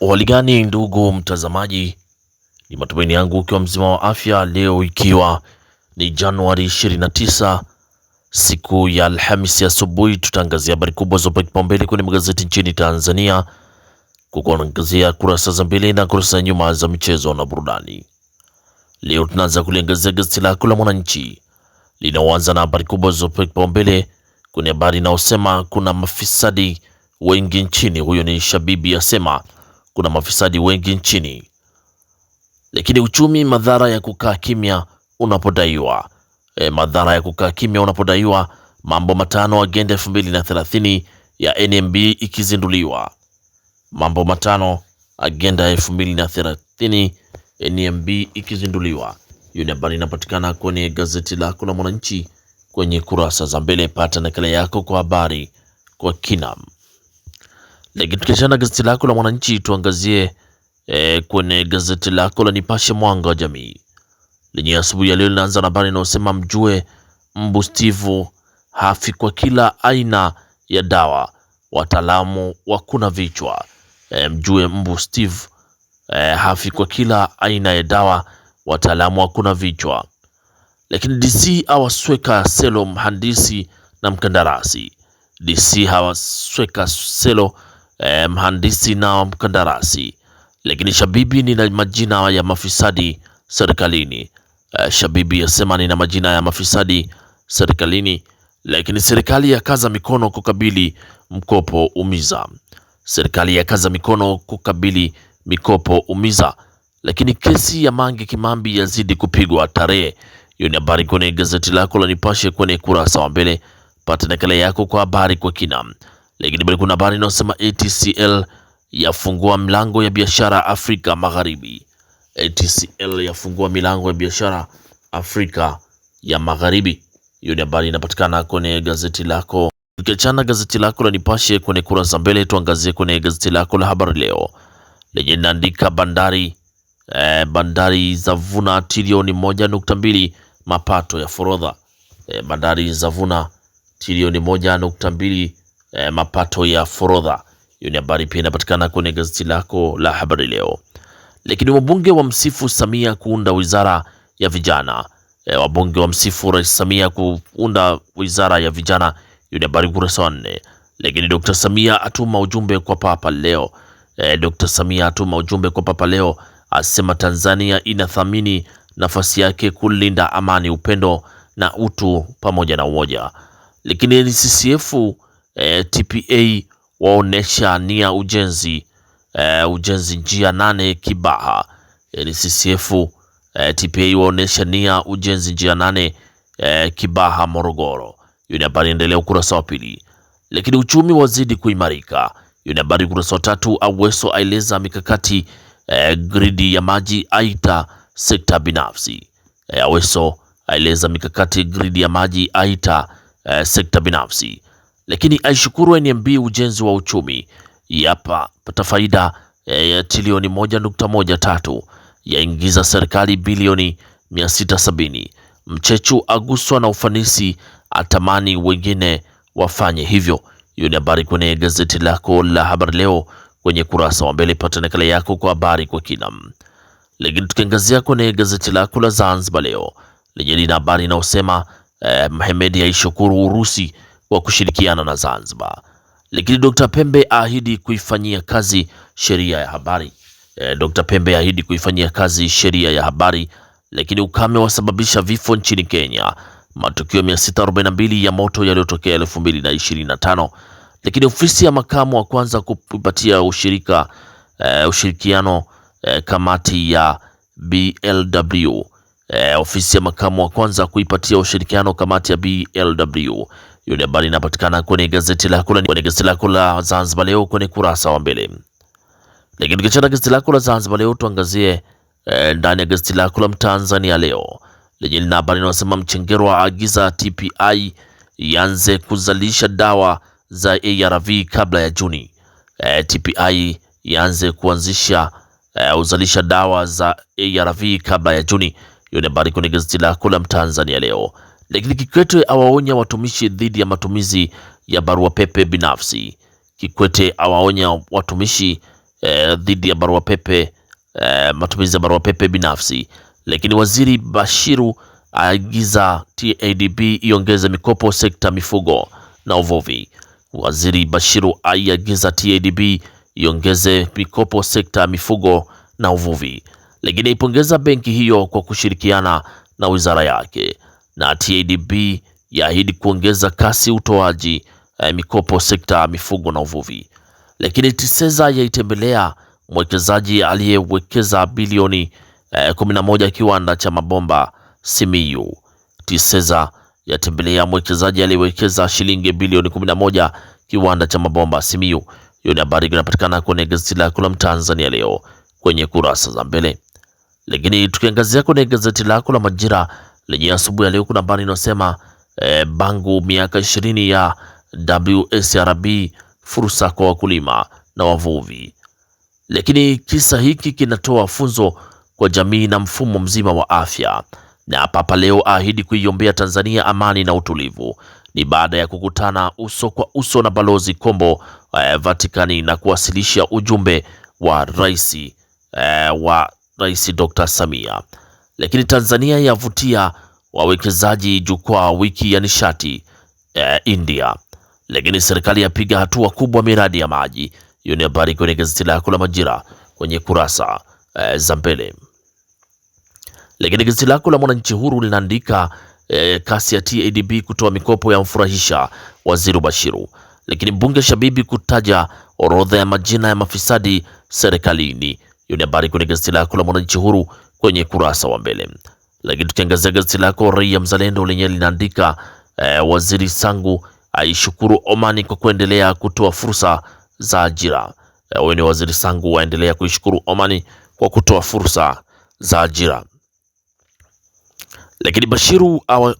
Uhaligani ndugu mtazamaji, ni matumaini yangu ukiwa mzima wa afya leo, ikiwa ni Januari 29 siku ya Alhamisi asubuhi, tutaangazia habari kubwa zopa kipaumbele kwenye magazeti nchini Tanzania, kukuangazia kurasa za mbele na kurasa za nyuma za michezo na burudani. Leo tunaanza kuliangazia gazeti lako la Mwananchi linaoanza na habari kubwa zopa kipaumbele kwenye habari inayosema kuna mafisadi wengi nchini. Huyo ni Shabibi asema kuna mafisadi wengi nchini, lakini uchumi, madhara ya kukaa kimya unapodaiwa. E, madhara ya kukaa kimya unapodaiwa. Mambo matano agenda 2030 ya NMB ikizinduliwa. Mambo matano agenda 2030 NMB ikizinduliwa. Hiyo ni habari inapatikana kwenye gazeti lako la Mwananchi kwenye kurasa za mbele. Pata nakala yako kwa habari kwa kinam lakini tukiachana na gazeti lako la Mwananchi, tuangazie e, kwenye gazeti lako la Nipashe Mwanga wa Jamii lenye asubuhi ya leo linaanza na habari inayosema mjue mbu hafi kwa kila aina ya dawa, wataalamu wakuna vichwa. E, mjue mbu e, hafi kwa kila aina ya dawa, wataalamu wakuna vichwa. Lakini DC awasweka selo mhandisi na mkandarasi. DC hawasweka selo eh, mhandisi na mkandarasi, lakini Shabibi nina majina ya mafisadi serikalini. Eh, Shabibi yasema nina majina ya mafisadi serikalini, lakini serikali yakaza mikono kukabili mkopo umiza. Serikali yakaza mikono kukabili mikopo umiza, lakini kesi ya Mange Kimambi yazidi kupigwa tarehe. Hiyo ni habari kwenye gazeti lako la Nipashe kwenye kurasa wa mbele. Pata nakala yako kwa habari kwa kina. Lakini bali kuna habari inayosema ATCL yafungua milango ya biashara Afrika Magharibi. ATCL yafungua milango ya biashara Afrika ya Magharibi. Hiyo ni habari inapatikana kwenye gazeti lako. Tukiachana gazeti lako la Nipashe kwenye kurasa mbele, tuangazie kwenye gazeti lako la Habari Leo lenye linaandika bandari eh, bandari za vuna trilioni moja nukta mbili mapato ya forodha eh, bandari za vuna trilioni moja nukta mbili eh, mapato ya forodha. Hiyo ni habari pia inapatikana kwenye gazeti lako la habari leo. Lakini wabunge wa msifu Samia kuunda wizara ya vijana e, wabunge wa msifu Rais Samia kuunda wizara ya vijana. Hiyo ni habari kurasa wa nne. Lakini Dr. Samia atuma ujumbe kwa Papa leo. e, eh, Dr. Samia atuma ujumbe kwa Papa leo asema Tanzania inathamini nafasi yake kulinda amani, upendo na utu pamoja na umoja. Lakini NCCF e, eh, TPA waonesha nia ujenzi e, ujenzi njia nane Kibaha. Yaani eh, CCF e, TPA waonesha nia ujenzi njia nane e, Kibaha Morogoro. Hiyo ni habari endelea ukurasa wa pili. Lakini uchumi wazidi kuimarika. Hiyo ni habari ukurasa wa tatu. Aweso aeleza mikakati e, gridi ya maji aita sekta binafsi. E, Aweso aeleza mikakati gridi ya maji aita e, sekta binafsi lakini aishukuru NMB ujenzi wa uchumi, yapa pata faida eh, ya trilioni 1.13 yaingiza serikali bilioni 670. Mchechu aguswa na ufanisi, atamani wengine wafanye hivyo. Hiyo ni habari kwenye gazeti lako la habari leo kwenye kurasa wa mbele, pata nakala yako kwa habari kwa kina. Lakini tukiangazia kwenye gazeti lako la Zanzibar leo lenye lina habari inayosema eh, Mohamed aishukuru Urusi wa kushirikiana na Zanzibar. Lakini Dr. Pembe ahidi kuifanyia kazi sheria ya habari. E, Dr. Pembe ahidi kuifanyia kazi sheria ya habari. Lakini ukame wasababisha vifo nchini Kenya, matukio 642 ya moto yaliyotokea 2025. Lakini ofisi ya makamu wa kwanza kupatia ushirika e, ushirikiano e, kamati ya BLW. E, ofisi ya makamu wa kwanza kuipatia ushirikiano kamati ya BLW yule ni inapatikana kwenye gazeti lako la gazeti lako la Zanzibar leo kwenye kurasa wa mbele. Lakini tukiachana gazeti lako la Zanzibar leo tuangazie eh, ndani ya gazeti lako la Mtanzania leo lenye lina habari inayosema Mchengerwa aagiza TPI ianze kuzalisha dawa za ARV kabla ya Juni. E, eh, TPI ianze kuanzisha e, uzalisha dawa za ARV kabla ya Juni. Hiyo ni habari kwenye gazeti lako la Mtanzania leo. Lakini Kikwete awaonya watumishi dhidi ya matumizi ya barua pepe binafsi. Kikwete awaonya watumishi eh, dhidi ya barua pepe eh, matumizi ya barua pepe binafsi. Lakini waziri Bashiru aagiza TADB iongeze mikopo sekta mifugo na uvuvi. Waziri Bashiru aiagiza TADB iongeze mikopo sekta ya mifugo na uvuvi, lakini aipongeza benki hiyo kwa kushirikiana na wizara yake na TADB yaahidi kuongeza kasi utoaji eh, mikopo sekta ya mifugo na uvuvi. Lakini Tiseza yaitembelea mwekezaji aliyewekeza bilioni eh, 11 kiwanda cha mabomba Simiyu. Tiseza yatembelea mwekezaji aliyewekeza shilingi bilioni 11 kiwanda cha mabomba Simiyu. Hiyo ni habari inapatikana kwenye gazeti lako la Mtanzania leo kwenye kurasa za mbele. Lakini tukiangazia kwenye gazeti lako la Majira lenye asubuhi kuna nambari inayosema e, Bangu miaka ishirini ya WSRB fursa kwa wakulima na wavuvi. Lakini kisa hiki kinatoa funzo kwa jamii na mfumo mzima wa afya. Na Papa Leo aahidi kuiombea Tanzania amani na utulivu. Ni baada ya kukutana uso kwa uso na balozi Kombo eh, Vatikani na kuwasilisha ujumbe wa rais eh, wa rais Dr. Samia. Lakini Tanzania yavutia wawekezaji jukwaa wiki ya nishati eh, India. Lakini serikali yapiga hatua kubwa miradi ya maji. Hiyo ni habari kwenye gazeti lako la Majira kwenye kurasa eh, za mbele. Lakini gazeti lako la Mwananchi Huru linaandika eh, kasi ya TADB kutoa mikopo ya mfurahisha Waziri Bashiru. Lakini mbunge Shabibi kutaja orodha ya majina ya mafisadi serikalini. Hiyo ni habari kwenye gazeti lako la Mwananchi Huru kwenye kurasa wa mbele. Lakini tukiangazia gazeti lako Raia Mzalendo lenyewe linaandika eh, waziri Sangu aishukuru Omani kwa kuendelea kutoa fursa za ajira. Eh, huyu ni waziri Sangu waendelea kuishukuru Omani kwa kutoa fursa za ajira. Lakini Bashiru awa,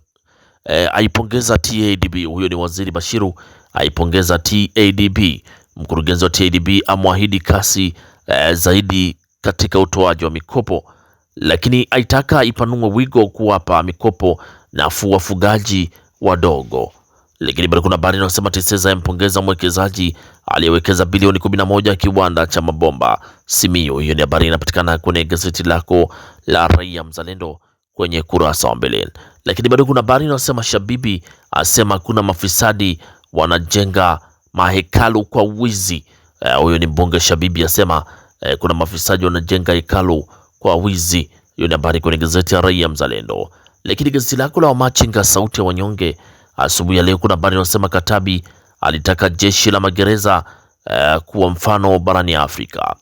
e, aipongeza TADB. Huyo ni waziri Bashiru aipongeza TADB. Mkurugenzi wa TADB amwahidi kasi e, zaidi katika utoaji wa mikopo lakini aitaka ipanue wigo kuwapa mikopo nafuu wafugaji wadogo. Lakini bado kuna habari inayosema TISEZA yampongeza mwekezaji aliyewekeza bilioni 11 kiwanda cha mabomba Simiyu. Hiyo ni habari inapatikana kwenye gazeti lako la Raia Mzalendo kwenye kurasa wa mbele. Lakini bado kuna habari inayosema Shabibi asema kuna mafisadi wanajenga mahekalu kwa wizi. Eh, huyo uh, ni mbunge Shabibi asema uh, kuna mafisadi wanajenga hekalu kwa wizi. Hiyo ni habari kwenye gazeti ya Raia Mzalendo. Lakini gazeti lako la Wamachinga sauti ya wanyonge asubuhi ya leo kuna habari inasema Katabi alitaka jeshi la magereza uh, kuwa mfano barani Afrika.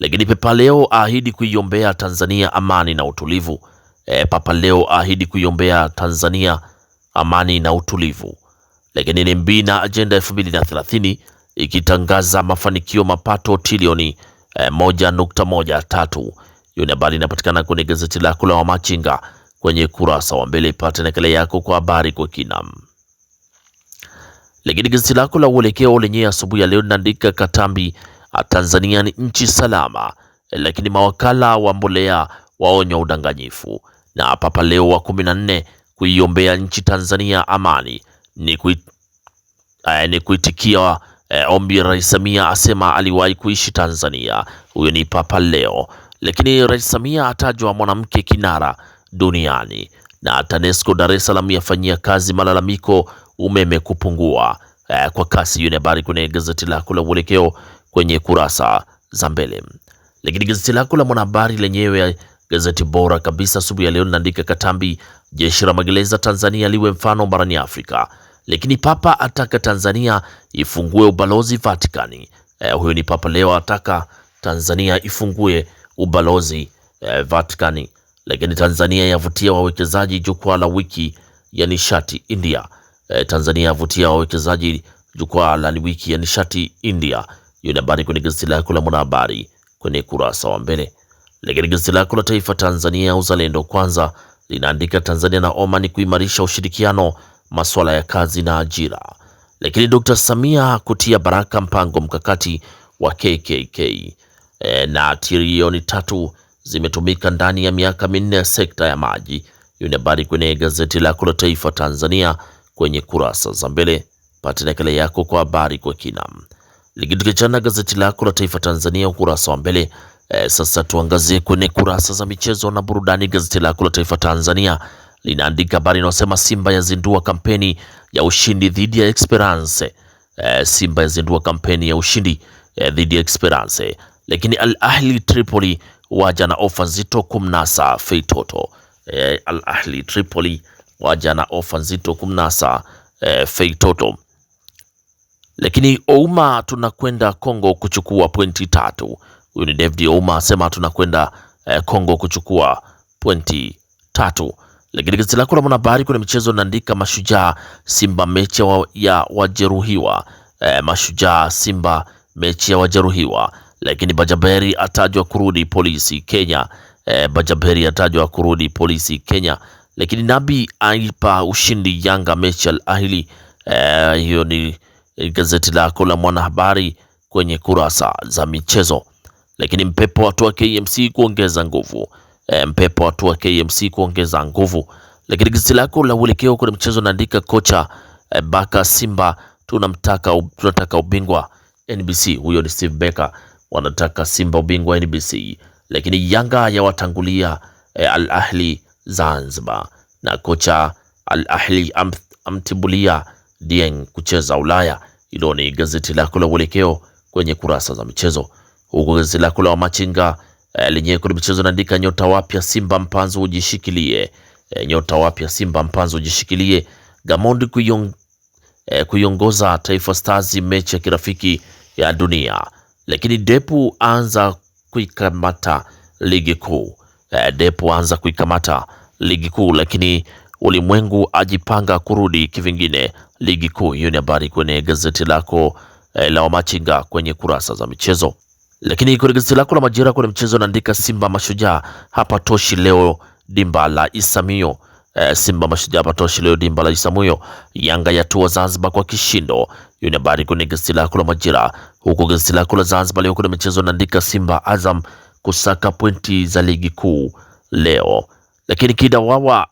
Lakini Papa Leo ahidi kuiombea Tanzania amani na utulivu. E, Papa Leo ahidi kuiombea Tanzania amani na utulivu. Lakini NMB na ajenda 2030 ikitangaza mafanikio mapato trilioni 1.13. Eh, e, hiyo ni habari inapatikana kwenye gazeti lako la Wamachinga kwenye kurasa wa mbele, ipate nakala yako kwa habari kwa kina. Lakini gazeti lako la Uelekeo lenye asubuhi ya leo linaandika Katambi, ah, Tanzania ni nchi salama, lakini mawakala wa mbolea waonywa udanganyifu, na Papa Leo wa kumi na nne kuiombea nchi Tanzania amani ni, kuit, eh, ni kuitikia eh, ombi Rais Samia asema aliwahi kuishi Tanzania. Huyo ni Papa Leo. Lakini Rais Samia atajwa mwanamke kinara duniani na TANESCO Dar es Salaam yafanyia kazi malalamiko umeme kupungua eh, kwa kasi. Hiyo ni habari kwenye gazeti lako la Uelekeo kwenye kurasa za mbele. Lakini gazeti lako la Mwanahabari lenyewe gazeti bora kabisa asubuhi ya leo linaandika Katambi, jeshi la magereza Tanzania liwe mfano barani Afrika. Lakini Papa ataka Tanzania ifungue ubalozi Vatikani. Eh, huyo ni Papa leo ataka Tanzania ifungue ubalozi eh, Vatican. Lakini Tanzania yavutia wawekezaji jukwaa la wiki ya nishati India. Eh, Tanzania yavutia wawekezaji jukwaa la wiki ya nishati India. Hiyo ni habari kwenye gazeti lako la Mwanahabari kwenye kurasa wa mbele. Lakini gazeti lako la Taifa Tanzania Uzalendo Kwanza linaandika Tanzania na Oman kuimarisha ushirikiano masuala ya kazi na ajira. Lakini Dr. Samia kutia baraka mpango mkakati wa KKK e, na trilioni tatu zimetumika ndani ya miaka minne ya sekta ya maji. Hiyo ni habari kwenye gazeti lako la Taifa Tanzania kwenye kurasa za mbele. Pata nakala yako kwa habari kwa kina. Likitukechana gazeti lako la Taifa Tanzania ukurasa wa mbele. E, sasa tuangazie kwenye kurasa za michezo na burudani. Gazeti lako la Taifa Tanzania linaandika habari inayosema Simba yazindua kampeni ya ushindi dhidi ya Esperance. E, Simba yazindua kampeni ya ushindi e, dhidi ya Esperance lakini Al Ahli Tripoli waja na ofa nzito kumnasa Feitoto. E, Al Ahli Tripoli waja na ofa nzito kumnasa e, Feitoto. Lakini Ouma tunakwenda Kongo kuchukua pointi tatu. Huyu ni David Ouma asema tunakwenda e, Kongo kuchukua pointi tatu. Lakini gazeti lako la Mwanahabari kuna michezo naandika mashujaa Simba mechi ya wajeruhiwa e, mashujaa Simba mechi ya wajeruhiwa lakini Bajaberi atajwa kurudi polisi Kenya. E, Bajaberi atajwa kurudi polisi Kenya, lakini Nabi aipa ushindi Yanga mechi Al Ahli. E, hiyo ni gazeti lako la Mwanahabari kwenye kurasa za michezo. Lakini Mpepo hatua KMC kuongeza nguvu. E, Mpepo hatua KMC kuongeza nguvu. Lakini gazeti lako la Uelekeo kwenye mchezo naandika kocha e, Baka Simba tunamtaka, tunataka ubingwa NBC. Huyo ni Steve Baker wanataka Simba ubingwa NBC, lakini Yanga yawatangulia e, Al Ahli Zanzibar na kocha Al Ahli amtibulia Dieng kucheza Ulaya. Hilo ni gazeti lako la Uelekeo kwenye kurasa za michezo, huku gazeti lako la Wamachinga e, eh, lenye kuna michezo naandika nyota wapya Simba mpanzo ujishikilie, e, nyota wapya Simba mpanzo ujishikilie, Gamondi kuyong, e, kuiongoza Taifa Stars mechi ya kirafiki ya dunia lakini Depu anza kuikamata ligi kuu e, eh, Depu anza kuikamata ligi kuu, lakini ulimwengu ajipanga kurudi kivingine ligi kuu. Hiyo ni habari kwenye gazeti lako e, la Wamachinga kwenye kurasa za michezo. Lakini kwenye gazeti lako la Majira kwenye mchezo naandika Simba Mashujaa hapa toshi leo dimba la Isamio. E, Simba Mashujaa hapa toshi leo dimba la isamio Yanga yatua Zanzibar kwa kishindo. Hiyo ni habari kwenye gazeti lako la Majira, Huko gazeti lako la Zanzibar Leo kuna michezo naandika Simba Azam kusaka pointi za ligi kuu leo, lakini kida wawa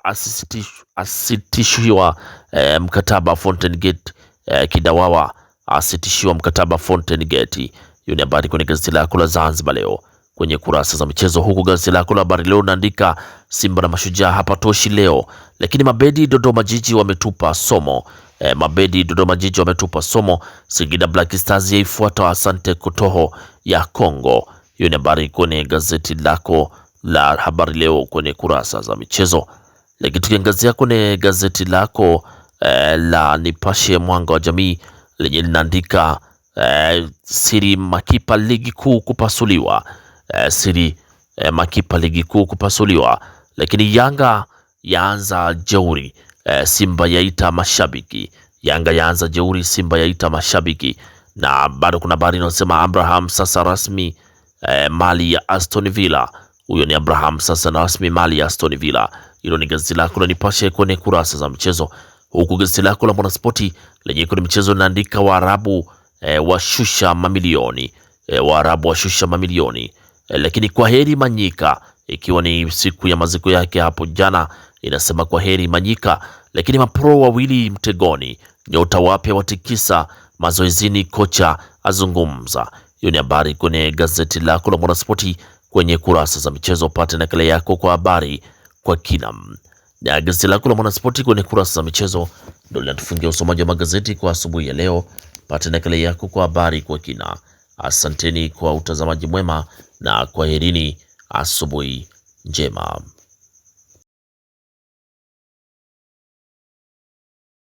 asitishiwa eh, mkataba Fountain Gate eh, wawa asitishiwa mkataba Fountain Gate. Hiyo ni habari kwenye gazeti lako la Zanzibar Leo kwenye kurasa za michezo, huku gazeti lako la Habari Leo naandika Simba na Mashujaa hapatoshi leo, lakini Mabedi Dodoma Jiji wametupa somo E, Mabedi Dodoma Jiji wametupa somo. Singida Black Stars yaifuata Asante Kotoho ya Kongo. Hiyo ni habari kwenye gazeti lako la habari leo kwenye kurasa za michezo, lakini tukiangazia kwenye gazeti lako e, la Nipashe Mwanga wa Jamii lenye linaandika e, siri makipa ligi kuu kupasuliwa e, siri e, makipa ligi kuu kupasuliwa, lakini Yanga yaanza jeuri e, Simba yaita mashabiki. Yanga yaanza jeuri, Simba yaita mashabiki. Na bado kuna habari inayosema Abraham sasa rasmi e, mali ya Aston Villa. Huyo ni Abraham sasa na rasmi mali ya Aston Villa. Hilo ni gazeti lako la Nipashe kwenye kurasa za mchezo, huku gazeti lako la Mwanaspoti lenye kwenye mchezo linaandika Waarabu e, washusha mamilioni e, Waarabu washusha mamilioni e, lakini kwa heri Manyika, ikiwa ni siku ya maziko yake hapo jana inasema kwa heri Manyika, lakini mapro wawili mtegoni, nyota wapya watikisa mazoezini, kocha azungumza. Hiyo ni habari kwenye gazeti lako la Mwanaspoti kwenye kurasa za michezo. Pate nakala yako kwa habari kwa kina na gazeti lako la Mwanaspoti kwenye kurasa za michezo ndio linatufungia usomaji wa magazeti kwa asubuhi ya leo. Pate nakala yako kwa habari kwa kina. Asanteni kwa utazamaji mwema na kwaherini, asubuhi njema.